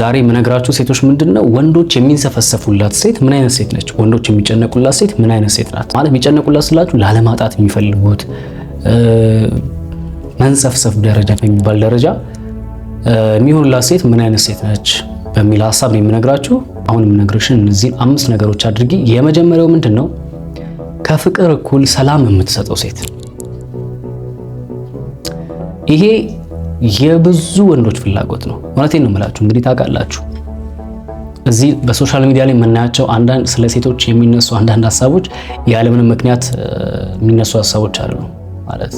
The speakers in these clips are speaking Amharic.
ዛሬ የምነግራችሁ ሴቶች ምንድን ነው ወንዶች የሚንሰፈሰፉላት ሴት ምን አይነት ሴት ነች? ወንዶች የሚጨነቁላት ሴት ምን አይነት ሴት ናት? ማለት የሚጨነቁላት ስላችሁ ላለማጣት የሚፈልጉት መንሰፍሰፍ ደረጃ የሚባል ደረጃ የሚሆንላት ሴት ምን አይነት ሴት ነች በሚል ሀሳብ ነው የምነግራችሁ። አሁን የምነግርሽን እነዚህን አምስት ነገሮች አድርጊ። የመጀመሪያው ምንድን ነው? ከፍቅር እኩል ሰላም የምትሰጠው ሴት። ይሄ የብዙ ወንዶች ፍላጎት ነው። እውነቴን ነው የምላችሁ። እንግዲህ ታውቃላችሁ እዚህ በሶሻል ሚዲያ ላይ የምናያቸው አንዳንድ ስለ ሴቶች የሚነሱ አንዳንድ ሀሳቦች ያለምንም ምክንያት የሚነሱ ሀሳቦች አሉ። ማለት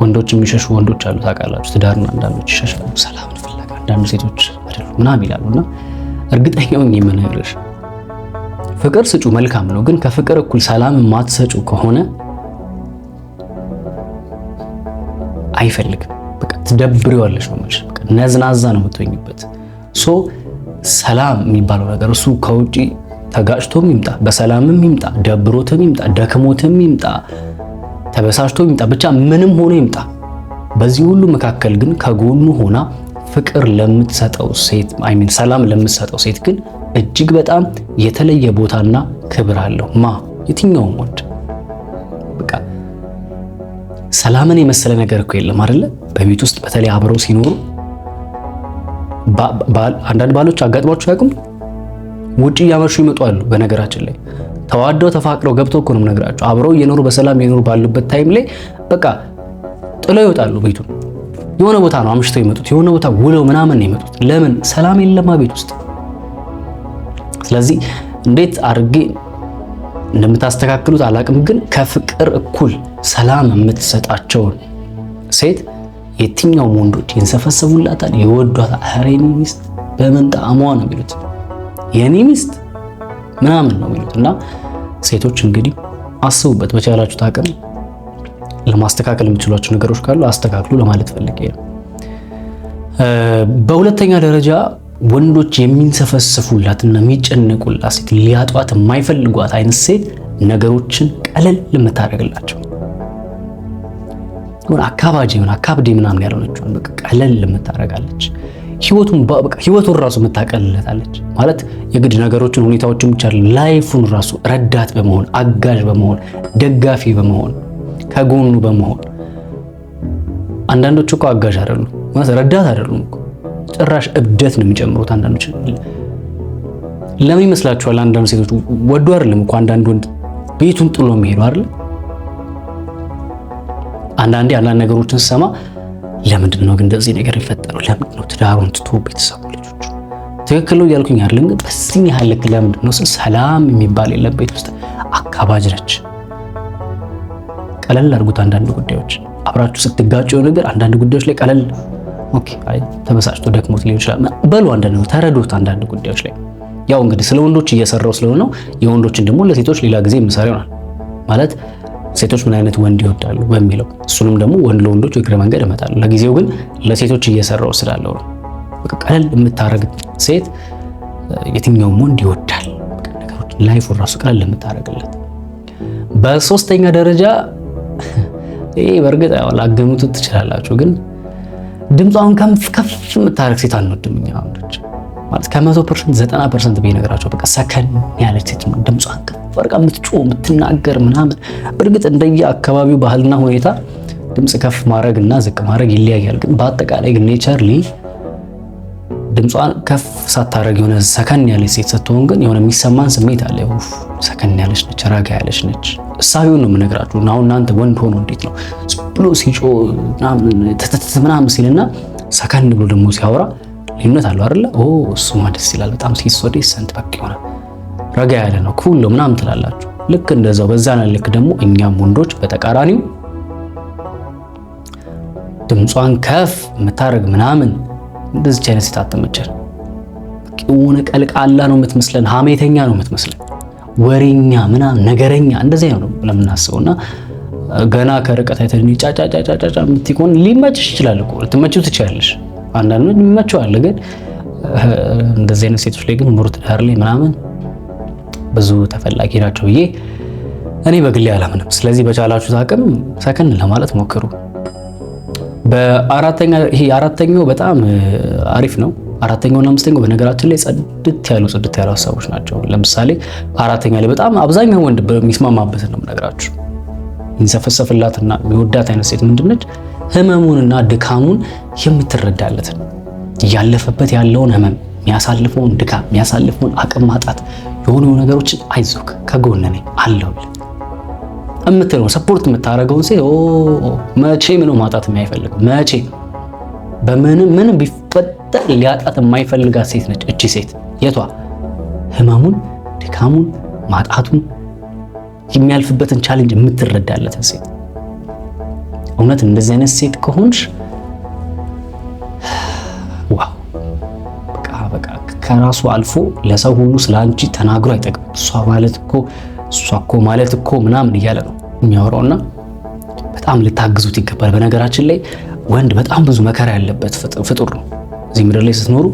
ወንዶች የሚሸሹ ወንዶች አሉ። ታውቃላችሁ ትዳርን አንዳንዶች ይሸሻሉ፣ ሰላምን ፍለጋ አንዳንድ ሴቶች አይደሉ ምናምን ይላሉ። እና እርግጠኛው የምነግርሽ ፍቅር ስጩ መልካም ነው፣ ግን ከፍቅር እኩል ሰላም ማትሰጩ ከሆነ አይፈልግም። ትደብሬዋለሽ ነው የምልሽ። ነዝናዛ ነው የምትወኝበት። ሶ ሰላም የሚባለው ነገር እሱ ከውጪ ተጋጭቶም ይምጣ፣ በሰላምም ይምጣ፣ ደብሮትም ይምጣ፣ ደክሞትም ይምጣ፣ ተበሳሽቶ ይምጣ፣ ብቻ ምንም ሆኖ ይምጣ። በዚህ ሁሉ መካከል ግን ከጎኑ ሆና ፍቅር ለምትሰጠው ሴት አይ ሚን ሰላም ለምትሰጠው ሴት ግን እጅግ በጣም የተለየ ቦታና ክብር አለው። ማ የትኛውም ወንድ በቃ ሰላምን የመሰለ ነገር እኮ የለም አይደለ? በቤት ውስጥ በተለይ አብረው ሲኖሩ አንዳንድ ባሎች አጋጥሟቸው አያውቁም? ውጭ እያመሹ ይመጣሉ። በነገራችን ላይ ተዋደው ተፋቅረው ገብተው እኮ ነው የምነግራቸው። አብረው እየኖሩ በሰላም እየኖሩ ባሉበት ታይም ላይ በቃ ጥለው ይወጣሉ ቤቱን። የሆነ ቦታ ነው አምሽተው ይመጡት፣ የሆነ ቦታ ውለው ምናምን ነው ይመጡት። ለምን ሰላም የለማ ቤት ውስጥ። ስለዚህ እንዴት አድርጌ እንደምታስተካክሉት አላቅም፣ ግን ከፍቅር እኩል ሰላም የምትሰጣቸውን ሴት የትኛውም ወንዶች ይንሰፈሰቡላታል፣ ይወዷታል። ኧረ የኔ ሚስት በምን ጣዕሟ ነው የሚሉት፣ የኔ ሚስት ምናምን ነው የሚሉት። እና ሴቶች እንግዲህ አስቡበት፣ በቻላችሁት አቅም ለማስተካከል የምትችሏቸው ነገሮች ካሉ አስተካክሉ ለማለት ፈልጌ ነው። በሁለተኛ ደረጃ ወንዶች የሚንሰፈስፉላትና የሚጨነቁላት ሴት ሊያጧት የማይፈልጓት አይነት ሴት ነገሮችን ቀለል የምታደርግላቸው ሆነ አካባጂ ሆነ አካብዴ ምናምን ያልሆነችውን በቃ ቀለል የምታደርጋለች። ህይወቱን በቃ ህይወቱን ራሱ የምታቀልለታለች ማለት የግድ ነገሮችን፣ ሁኔታዎችን ብቻ ላይፉን ራሱ ረዳት በመሆን አጋዥ በመሆን ደጋፊ በመሆን ከጎኑ በመሆን አንዳንዶች እኮ አጋዥ አይደሉም ማለት ረዳት አይደሉም እኮ ጭራሽ እብደት ነው የሚጨምሩት። አንዳንዶች ለምን ይመስላችኋል? አንዳንድ ሴቶች ወዶ አይደለም እኮ አንዳንድ ወንድ ቤቱን ጥሎ የሚሄዱ አይደለም አንዳንዴ አንዳንድ ነገሮችን ስሰማ ለምንድን ነው ግን እንደዚህ ነገር የሚፈጠረው? ለምንድን ነው ትዳሩን ትቶ ቤተሰቡ ልጆቹ ትክክል ነው እያልኩኝ አይደለም፣ ግን በዚህ ያህል ልክ ለምንድን ነው ሰላም የሚባል የለም ቤት ውስጥ። አካባጅ ነች። ቀለል አድርጉት። አንዳንድ ጉዳዮች አብራችሁ ስትጋጩ የሆነ ነገር አንዳንድ ጉዳዮች ላይ ቀለል ኦኬ፣ አይ ተበሳጭቶ ደክሞት ሊሆን ይችላል በሉ። አንዳንድ ነው ተረዶት። አንዳንድ ጉዳዮች ላይ ያው እንግዲህ ስለ ወንዶች እየሰራው ስለሆነ ነው። የወንዶችን ደግሞ ለሴቶች ሌላ ጊዜ የምሰራ ይሆናል ማለት ሴቶች ምን አይነት ወንድ ይወዳሉ በሚለው እሱንም ደግሞ ወንድ ለወንዶች እግረ መንገድ እመጣለሁ። ለጊዜው ግን ለሴቶች እየሰራው ስላለው ነው። በቃ ቀለል የምታረግ ሴት የትኛውም ወንድ ይወዳል። ነገሮች ላይፉን ራሱ ቀለል የምታረግለት። በሶስተኛ ደረጃ ይህ በእርግጥ ላገምቱት ትችላላችሁ፣ ግን ድምጿን ከፍ ከፍ የምታረግ ሴት አንወድም እኛ ወንዶች። ማለት ከመቶ ፐርሰንት ዘጠና ፐርሰንት ብዬ ነገራቸው በቃ ሰከን ያለች ሴት ነው። ድምጿን ከፍ አድርጋ የምትናገር ምናምን። በእርግጥ እንደየ አካባቢው ባህልና ሁኔታ ድምፅ ከፍ ማድረግ እና ዝቅ ማድረግ ይለያያል። ግን በአጠቃላይ ግን ኔቸርሊ ድምጿን ከፍ ሳታደረግ የሆነ ሰከን ያለች ሴት ስትሆን ግን የሆነ የሚሰማን ስሜት አለ። ሰከን ያለች ነች፣ ረጋ ያለች ነች። እሳቢውን ነው የምነግራችሁ። አሁን እናንተ ወንድ ሆኖ እንዴት ነው ብሎ ሲጮ ምናምን ሲልና ሰከን ብሎ ደግሞ ሲያወራ ልዩነት አለው አይደለ? ኦ እሱማ ደስ ይላል በጣም ሲሶዴ ሰንት በቃ የሆነ ረጋ ያለ ነው ኩል ነው ምናምን ትላላችሁ። ልክ እንደዛው በዛ ልክ ደግሞ እኛም ወንዶች በተቃራኒው ድምጿን ከፍ የምታደርግ ምናምን እንደዚህ አይነት ሴት አትመቸን። የሆነ ቀልቃላ ነው የምትመስለን፣ ሀሜተኛ ነው የምትመስለን፣ ወሬኛ ምናምን ነገረኛ እንደዚህ ነው ለምናስበውና ገና ከርቀት አይተን ጫጫጫጫጫ የምትሆን ሊመችሽ ይችላል እኮ ልትመችው ትችላለሽ። አንዳንዶች ይመቸዋል፣ ግን እንደዚህ አይነት ሴቶች ላይ ግን ሙር ትዳር ላይ ምናምን ብዙ ተፈላጊ ናቸው ብዬ እኔ በግሌ አላምንም። ስለዚህ በቻላችሁት አቅም ሰከን ለማለት ሞክሩ። በአራተኛ ይሄ አራተኛው በጣም አሪፍ ነው። አራተኛው እና አምስተኛው በነገራችን ላይ ጽድት ያሉ ጽድት ያሉ ሀሳቦች ናቸው። ለምሳሌ አራተኛ ላይ በጣም አብዛኛው ወንድ በሚስማማበት ነው ነገራችሁ የሚንሰፈሰፍላትና የሚወዳት አይነት ሴት ምንድነች? ህመሙንና ድካሙን የምትረዳለትን እያለፈበት ያለውን ህመም የሚያሳልፈውን ድካም የሚያሳልፈውን አቅም ማጣት የሆኑ ነገሮችን አይዞክ ከጎን ነኝ አለሁልህ እምትለውን ሰፖርት የምታደርገውን ሴት መቼም ነው ማጣት የማይፈልግ መቼ በምንም ምንም ቢፈጠር ሊያጣት የማይፈልጋት ሴት ነች እቺ ሴት። የቷ ህመሙን ድካሙን ማጣቱን የሚያልፍበትን ቻሌንጅ የምትረዳለትን ሴት እውነት እንደዚህ አይነት ሴት ከሆንሽ ዋው በቃ በቃ ከራሱ አልፎ ለሰው ሁሉ ስለ አንቺ ተናግሮ አይጠቅም። እሷ ማለት እኮ እሷ እኮ ማለት እኮ ምናምን እያለ ነው የሚያወራውና በጣም ልታግዙት ይገባል። በነገራችን ላይ ወንድ በጣም ብዙ መከራ ያለበት ፍጡር ነው። እዚህ ምድር ላይ ስትኖሩ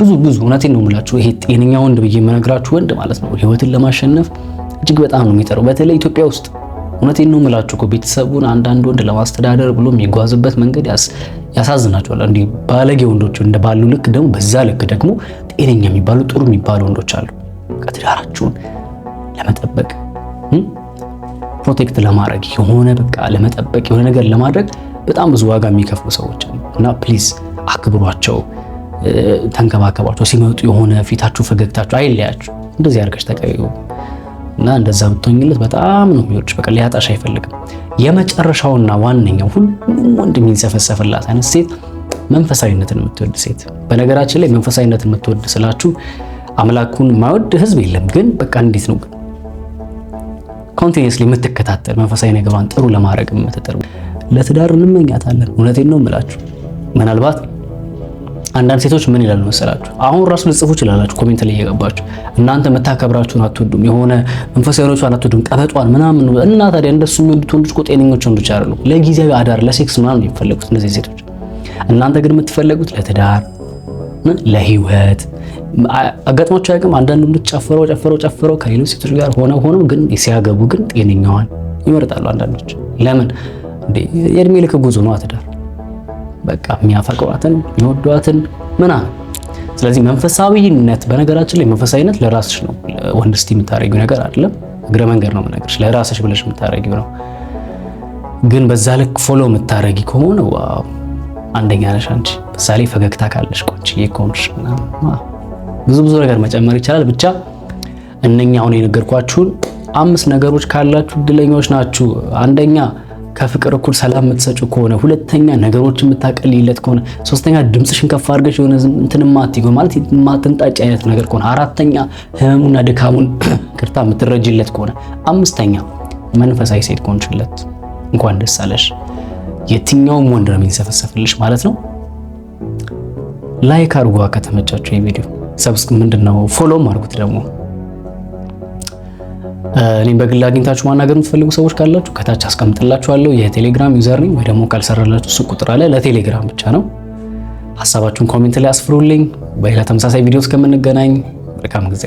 ብዙ ብዙ እውነቴን ነው የምላችሁ። ይሄ ጤነኛ ወንድ ብዬ የምነግራችሁ ወንድ ማለት ነው ህይወትን ለማሸነፍ እጅግ በጣም ነው የሚጠራው። በተለይ ኢትዮጵያ ውስጥ እውነቴን ነው የምላችሁ እኮ ቤተሰቡን አንዳንድ ወንድ ለማስተዳደር ብሎ የሚጓዝበት መንገድ ያሳዝናቸዋል። እንዲህ ባለጌ ወንዶች እንደ ባሉ ልክ ደግሞ በዛ ልክ ደግሞ ጤነኛ የሚባሉ ጥሩ የሚባሉ ወንዶች አሉ። ከትዳራችሁን ለመጠበቅ ፕሮቴክት ለማድረግ የሆነ በቃ ለመጠበቅ የሆነ ነገር ለማድረግ በጣም ብዙ ዋጋ የሚከፍሉ ሰዎች አሉ እና ፕሊዝ አክብሯቸው፣ ተንከባከቧቸው። ሲመጡ የሆነ ፊታችሁ ፈገግታችሁ አይለያችሁ። እንደዚህ አድርገሽ ተቀበዩ። እና እንደዛ ብትሆኝለት በጣም ነው የሚወድሽ። በቃ ሊያጣሽ አይፈልግም። የመጨረሻውና ዋነኛው ሁሉም ወንድ የሚንሰፈሰፍላት አይነት ሴት መንፈሳዊነትን የምትወድ ሴት። በነገራችን ላይ መንፈሳዊነትን የምትወድ ስላችሁ አምላኩን የማይወድ ህዝብ የለም። ግን በቃ እንዴት ነው ኮንቲኒስሊ የምትከታተል መንፈሳዊ ነገሯን ጥሩ ለማድረግ የምትጥር ለትዳር እንመኛታለን። እውነቴን ነው የምላችሁ ምናልባት አንዳንድ ሴቶች ምን ይላሉ መሰላችሁ? አሁን ራሱ ልጽፉ ይችላላችሁ ኮሜንት ላይ እየገባችሁ እናንተ መታከብራችሁን አትወዱም፣ የሆነ መንፈሳዊ ሆኖቿን አትወዱም፣ ቀበጧን ምናምን። እና ታዲያ እንደሱ የሚወዱት ወንዶች እኮ ጤነኞች ወንዶች አይደሉም። ለጊዜያዊ አዳር ለሴክስ ምናምን የሚፈለጉት እነዚህ ሴቶች። እናንተ ግን የምትፈለጉት ለትዳር ለህይወት አጋጥሟቸው ያቅም አንዳንድ ወንዶች ጨፍረው ጨፍረው ጨፍረው ከሌሎች ሴቶች ጋር ሆነ ሆኖ ግን ሲያገቡ ግን ጤነኛዋን ይመርጣሉ። አንዳንዶች ለምን የእድሜ ልክ ጉዞ ነው ትዳር በቃ የሚያፈቅሯትን የሚወዷትን ምናምን። ስለዚህ መንፈሳዊነት በነገራችን ላይ መንፈሳዊነት ለራስሽ ነው። ወንድ እስቲ የምታደርጊው ነገር አይደለም፣ እግረ መንገድ ነው የምነግርሽ። ለራስሽ ብለሽ የምታደርጊው ነው። ግን በዛ ልክ ፎሎ የምታደርጊ ከሆነ ዋው አንደኛ ነሽ አንቺ። ምሳሌ ፈገግታ ካለሽ ቆንጆ የኮንሽ ብዙ ብዙ ነገር መጨመር ይቻላል። ብቻ እነኛ አሁን የነገርኳችሁን አምስት ነገሮች ካላችሁ እድለኞች ናችሁ። አንደኛ ከፍቅር እኩል ሰላም የምትሰጪው ከሆነ ሁለተኛ ነገሮች የምታቀልይለት ከሆነ ሶስተኛ ድምፅሽን ከፍ አድርገሽ የሆነ እንትን ማትይጎ ማለት ማትንጣጭ አይነት ነገር ከሆነ አራተኛ ህመሙና ድካሙን ቅርታ የምትረጅለት ከሆነ አምስተኛ መንፈሳዊ ሴት ከሆንችለት እንኳን ደስ አለሽ። የትኛውም ወንድ ነው የሚንሰፈሰፍልሽ ማለት ነው። ላይክ አድርጓ ከተመቻቸው የቪዲዮ ሰብስክ ምንድነው ፎሎም አድርጉት ደግሞ እኔም በግል አግኝታችሁ ማናገር የምትፈልጉ ሰዎች ካላችሁ ከታች አስቀምጥላችኋለሁ የቴሌግራም ዩዘር ነኝ ወይ ደግሞ ካልሰራላችሁ እሱ ቁጥር አለ ለቴሌግራም ብቻ ነው። ሀሳባችሁን ኮሜንት ላይ አስፍሩልኝ። በሌላ ተመሳሳይ ቪዲዮ እስከምንገናኝ መልካም ጊዜ